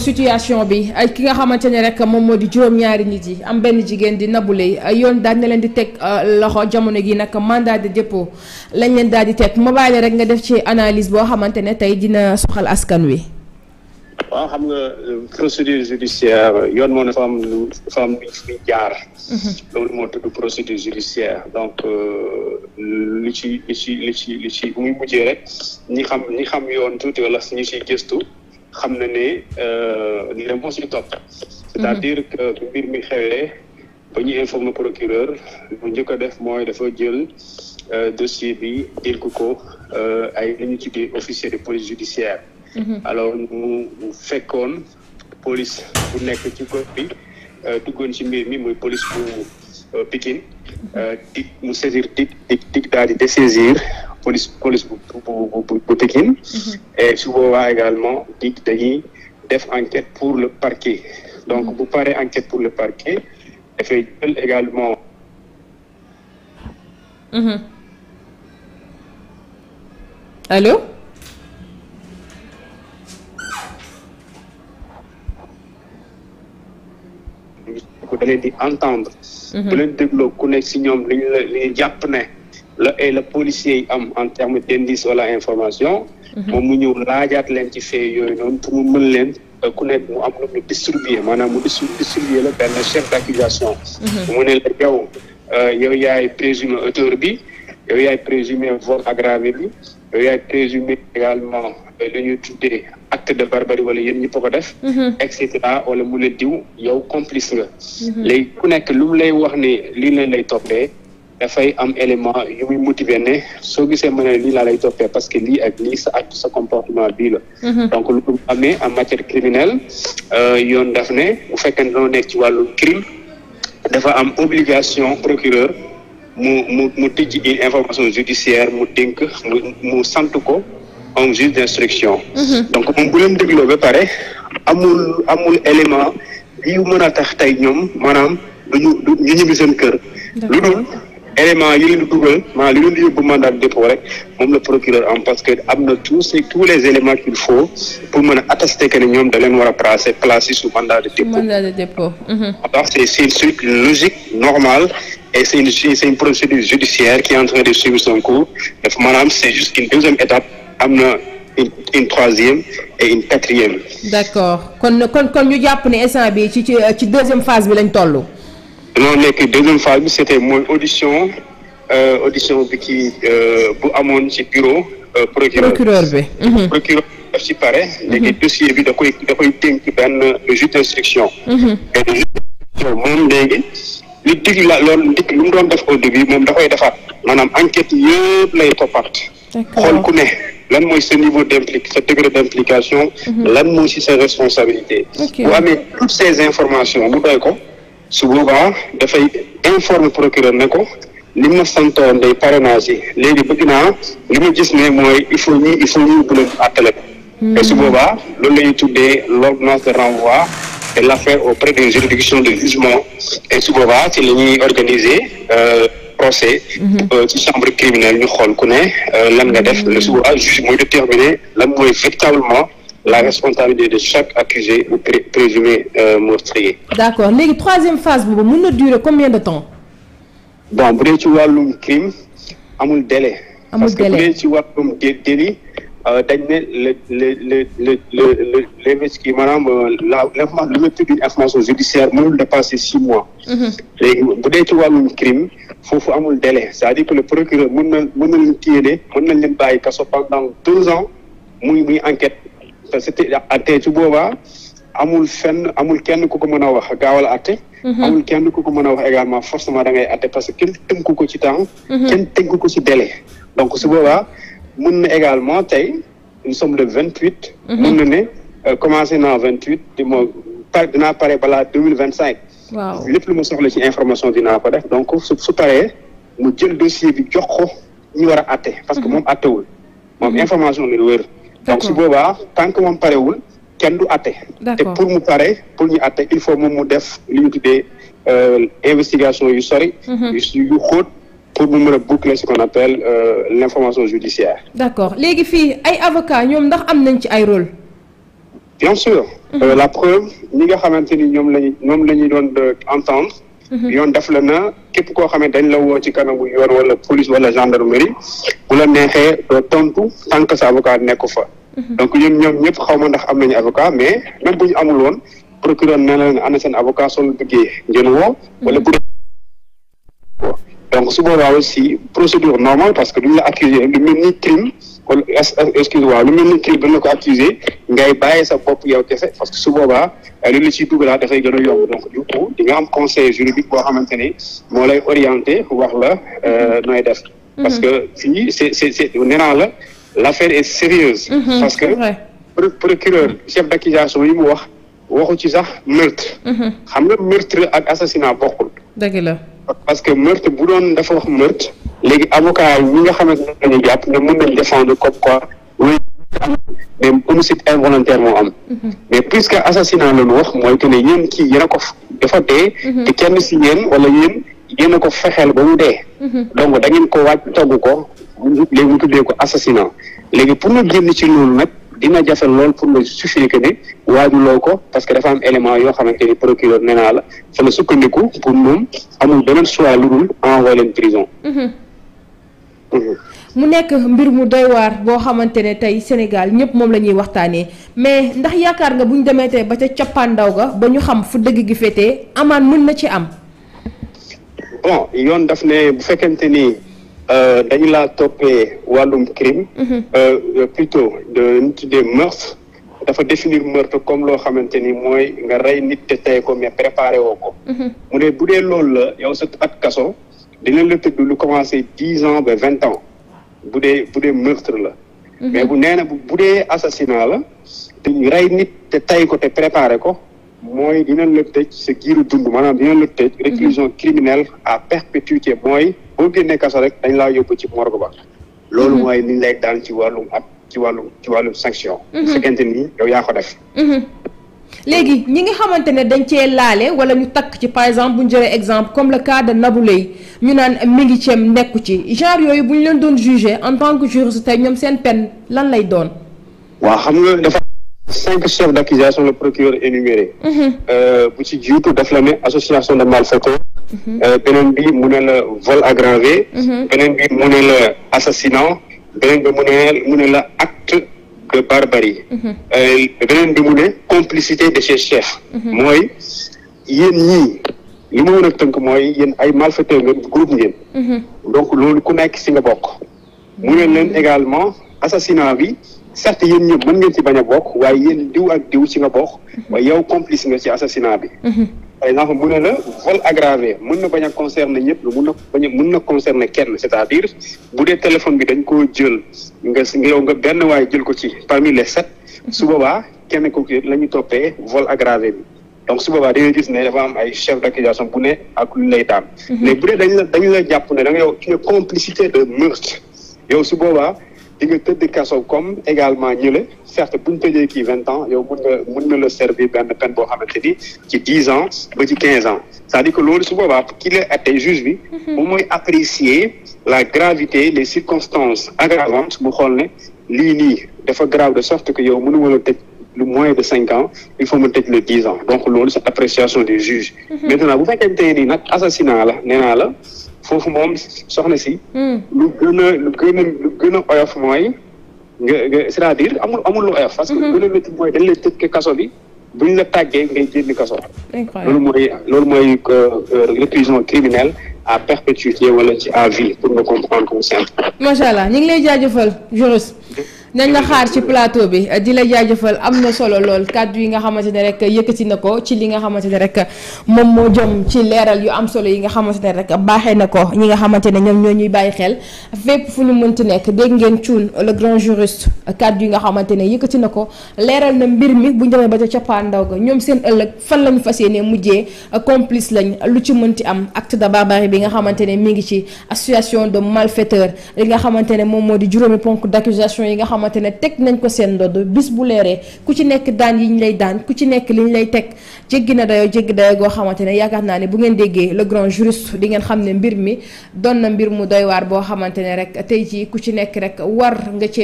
situation bi ay ki nga xamante ne rek moom moo di juróom-ñaari nit yi am benn jigéen di Nabou Leye yoon daal na leen di teg euh, loxo jamono gi nag mandat de dépôt lañ leen daal di teg ma rek nga def ci analyse boo xamante ne tey dina soxal askan wi. waaw xam nga euh, procédure judiciaire yoon moo ne fa am lu fa am lu jaar. Mhm. loolu moo tudd procédure judiciaire donc euh, li ci li ci li ci li ci bu muy mujjee rek nu xam ñi xam yoon tuuti wala ñi ciy xam na ne euh, dina moo si topp c'est-à-dire mhm. que mbir mi xewee ba ñu informer procureur bu njëkk a def mooy dafa jël euh, dossier bi dénk ko euh, ay li ñu tuddee officier de police judiciaire mhm. alors mu fekkoon police bu nekk ci gox bi duggoon ci mbir mi muy police bu Pikine mhm. dig mu saisir dig dig dig daal di désaisir police police bu bu bu Pikine mhm. et su boobaa également di def enquête pour le parquet donc mhm. bu paree enquête pour le parquet dafay jël également mhm. allô da leen di entendre bu leen dégloo ku nekk si ñoom li ñu la li ñu jàpp ne la et la policier yi am en terme d'indice wala information mhm. moom mu ñëw laajaat leen ci fee yooyu noonu pour mu mën leen euh, ku nekk mu am lu mu distribuer maanaam mu distribuer la benn chef d'accusation mhm. mu ne la yow euh, yow yaay présumé auteur bi yow yaay présumé vol bi yow yaay présumé également euh, lu ñuy tuddee acte de barbarie wala yéen ñëpp ko def mhm. et cetera wala mu ne diw yow complice nga ku nekk lu mu lay wax ne lii leen lay toppee dafay am élément yu muy motiver ne soo gisee ma ne lii laa lay toppee parce que lii ak lii sa acte sa comportement bii la mhm. donc lu mu amee en matière criminelle euh, yoon def ne bu fekkee ne ci wàllu crime dafa am obligation procureur mu mu mu tijji une information judiciaire mu dénk mu mu sant ko un juge d'instruction mhm. donc moom bu leen dégloo ba pare amul amul élément yu mën a tax tey ñoom maanaam duñu ñu ñibbi seen kër lu dul élément yi leen di dugal maanaam leen di yóbbu mandat de dépôt rek moom la procureur am parce que am na tous tous les éléments qu'il faut pour mën a attester que ne ñoom da leen war a placer placer sous mandat de dépôt. mandat de dépôt. Mhm. alors c'est une suite logique normale et c'est une procédure judiciaire qui en train de suivre son cours daf maanaam c'est juste deuxième étape am na une troisième et une quatrième. d'accord kon kon kon ñu jàpp ne instant bi ci ci ci deuxième phase dañoo nekk deuxième phase bi c'était mooy audition euh, audition bi kii euh, bu amoon ci bureau euh, procureur procureur bi mhm. procureur daf ci pare mhm. léegi dossier bi da koy da koy dénk benn juge d'instruction mhm. et juge moom léegi li dig la loolu ndik lu mu doon def au début moom da koy defaat maanaam enquête yëpp lay toppaat xool ku ne lan mooy sa niveau d'implique sa degré d'implication lan mooy si sa responsabilité bu amee toutes ces informations mu doy ko su boobaa dafay informe procureur ne ko li ma santoon day parrainage yi léegi bëgg naa li ma gis ne mooy il faut ñu il faut ñu gën a àttale ko hmm. te su boobaa loolu la ñuy tuddee l'ordonnance de renvoi de l'affaire auprès des juridictions de jugement et su boobaa ci la ñuy organiser euh, procès hmm. euh, ci chambre criminelle ñu xool ku ne euh, lan nga def hmm. le su boobaa juge mooy déterminer lan mooy véritablement la responsabilité de chaque accusé ou présumé euh, meurtrier. d'accord léegi troisième phase boobu mën na durer combien de temps. bon bu dee ci wàllum crime amul délai. amul délai parce que bu dee ci wàllum délit euh, dañ ne le le le le le le euh, le maanaam la lu ma tudd information judiciaire mënul dépasser six mois. Mhm. léegi bu ci wàllum crime foofu amul délai c'est-à-dire que le procureur mën na mën na leen téye mën na leen bàyyi kaso pendant deux ans muy parce c'était atte su boobaa amul fenn amul kenn ku ko mën a wax gaawal atte mhm. amul kenn ku ko mën a wax également forcément da ngay atte parce que kenn tënku ko ci temps mhm. kenn tënku ko ci délai donc su boobaa mun na également tey nous sommes le vingt huit mhm. mun na ne euh, commencé naa vingt huit di ma par dinaa pare balaa deux mille vingt cinq waaw lu ma soxla ci information dinaa ko def donc su su mu jël dossier bi jox ko ñu war a atte parce que moom attewul moom information la wër donc su boobaa tant que moom parewul kenn du atte te pour mu pare pour ñu atte il faut moom mu def li ñu tuddee euh, investigation yu sori mhm. yu xóot pour mu mën a boucler ce qu'on appelle euh, l'information judiciaire d'accord léegi fii ay avocat ñoom ndax am nañ ci ay rôle bien sûr mhm. euh, la preuve ñi nga xamante ni ñoom lañu ñoom la ñuy doon euh, entendre Mm-hmm. yoon daf la na képp koo xam ne dañ la woo ci kanamu yoon wala police wala gendarmerie bu la neexee doo tontu tant que sa avocat nekku fa. Mm-hmm. donc ñun ñoom ñëpp xaw ma ndax am nañu ñu amul woon procureur nee na leen ana seen avocat soo duggee woo. wala bu donc su boobaa aussi procédure normale parce que duñ la accuser lu mel ni crime. kon excuse moi lu mel ni kii ba la ko accuser ngay bàyyi sa bopp yow kese parce que su boobaa euh, lu la ciy dugalaat dafay gën a yomb donc du coup di nga am conseil juridique boo xamante ni moo lay orienté wax la euh, nooy def. Mhm. parce que fii c'est c'est c'est nee naa la l'affaire est sérieuse mhm, parce que procureur chef d'accusation yi mu wax waxu ci sax meurtre. Mhm. xam nga meurtre ak assassinat bokkul. dëgg la. parce que meurtre bu doon dafa wax meurtre léegi avocat yi nga xamante ne dañuy jàpp ne mën nañ défendre comme quoi loolu am mais homicide involontaire moo am mhm. mais puisque assassinat la ñu wax mooy que ne yéen kii yéen a ko dafa dee mhm. te kenn si yéen wala yéen yéen a ko fexeel ba mu dee mhm. donc da ngeen ko wàcc togg ko léegi mu tuddee ko assassinat léegi pour ñu génn ci loolu nag dina jasal lool pour nga justifier que ne waajuloo ko parce que dafa am élément yoo xamante ni procureur nee la fa sukkandiku pour moom amul beneen choix lu dul envoyer prison. Mhm. Mhm. mu nekk mbir mu doy boo xamante ne tey Sénégal ñëpp moom la ñuy waxtaanee mais ndax yaakaar nga buñ ñu demee ba ca cappaandaw ga ba ñu xam fu dëgg gi féetee amaan mën na ci am. bon yoon daf ne bu fekkente ni. Euh, dañu laa toppee wàllum crime. Mhm. Euh, euh, plutôt de ñu tuddee meurtre dafa définir meurtre comme loo xamante ni mooy nga rey nit te tey ko mais préparé woo ko. Mhm. mu ne bu dee loolu la yow sa at kaso dinañ la tëdd lu commencé dix ans ba vingt ans bu dee bu dee meurtre la. Mhm. mais bu nee na bu dee assassinat la te rey nit te tey ko te préparé ko mooy dinañ la tëj sa giiru dund maanaam dinañ la tëj réclusion criminelle à perpétuité mooy. boo génnee kaso rek dañ laa yóbbu ci morgue ba loolu mhm. mooy liñ lay daan ci wàllum at ci wàllum ci wàllum sanction mhm. fekkente ni yow yaa ko def mhm. léegi ñi nga xamante ne dañ cee laale wala ñu takk ci par exemple bu ñu jëlee exemple comme le cas de Nabou ñu naan mi ngi ceem nekku ci genre yooyu bu ñu leen doon jugé en tant que juriste tey ñoom seen peine lan lay doon. waa xam nga dafa cinq chefs d' accusation le procureur énuméré. Euh, bu ci jiitu daf la ne association Euh, beneen bi mu ne la vol aggravé mhm. beneen bi mu ne la assassinat beneen bi mu ne mu ne la acte de barbarie mhm. euh, beneen bi mu ne complicité de ses chefs mhm. mooy yéen ñii li ma mën a tënk mooy yéen ay malfaiteurs ngeen groupe ngeen donc loolu ku nekk si nga bokk mu ne leen également assassinat bi certes yéen ñëpp mën ngeen ci bañ a bokk waaye yéen diw ak diw ci nga bokk waaye yow complice nga ci assassinat bi par exemple mu ne la vol aggravé mën na bañ a concerner ñëpp mën na bañ a mën na concerner kenn c'est-à-dire bu dee téléphone bi dañ koo jël nga yow nga benn waaye jël ko ci parmi le sept su boobaa kenn ko la ñu toppee vol aggravé bi donc su boobaa dañuy gis ne dafa am ay chef d'accusation bu ne ak lu lay daan mhm. mais bu dee dañ la dañ la jàpp ne da nga yow tu complicité de meurtre yow su boobaa di nga tëdd kaso comme également ñu ñële certes bu ñu tëjee kii vingt ans yow mun nga na la servir benn peine boo xamante ni ci dix ans ba ci quinze ans cest à di que loolu su boobaa ki la atte juge bi mhm. moom mooy apprécier la gravité les circonstances aggravantes bu xool ne lii nii dafa grave de sorte que yow mënu ma la tëj lu moins de cinq ans il faut mu tëj le dix ans donc loolu c'est appréciation des juges mhm. maintenant bu fekkee tey nii nag assassinat la nee la foofu moom soxna si. Hmm. lu gën a lu gën a lu gën a oyof mooy nga nga c'est-à-dire amul amul lu oyof. parce que lu hmm. gën a métti mooy dañ la tëj kaso bi buñ la tàggee ngay génn kaso. loolu mooy loolu mooy euh, réclusion criminelle à perpétuité wala ci à vie pour nga comprendre conscience. macha allah ñu ngi lay jaajëfal Joros. nañ la xaar ci plateau bi di la jaajëfal am na solo lool kàddu yi nga xamante ne rek yëkkati na ko ci li nga xamante ne rek moom moo jëm ci leeral yu am solo yi nga xamante ne rek baaxee na ko ñi nga xamante ne ñoom ñoo ñuy bàyyi xel fépp fu ñu mënti nekk dégg ngeen cuun le grand juriste kàddu yi nga xamante ne yëkkati na ko leeral na mbir mi bu ñu ba ca cappaandaw ga ñoom seen ëllëg fan la ñu fas yéenee mujjee complice lañ lu ci mënti am acte de barbarie bi nga xamante ne mi ngi ci association de malfaiteurs li nga xamante ne moom moo di juróomi ponk d' accusation yi nga xam xamante ne teg nañ ko seen ndodd bis bu leeree ku ci nekk daan yi ñu lay daan ku ci nekk li ñu lay teg jéggi na dayoo jéggi dayoo goo xamante ne yaakaar naa ne bu ngeen déggee le grand juriste di ngeen xam ne mbir mi doon na mbir mu doy waar boo xamante ne rek tey jii ku ci nekk rek war nga cee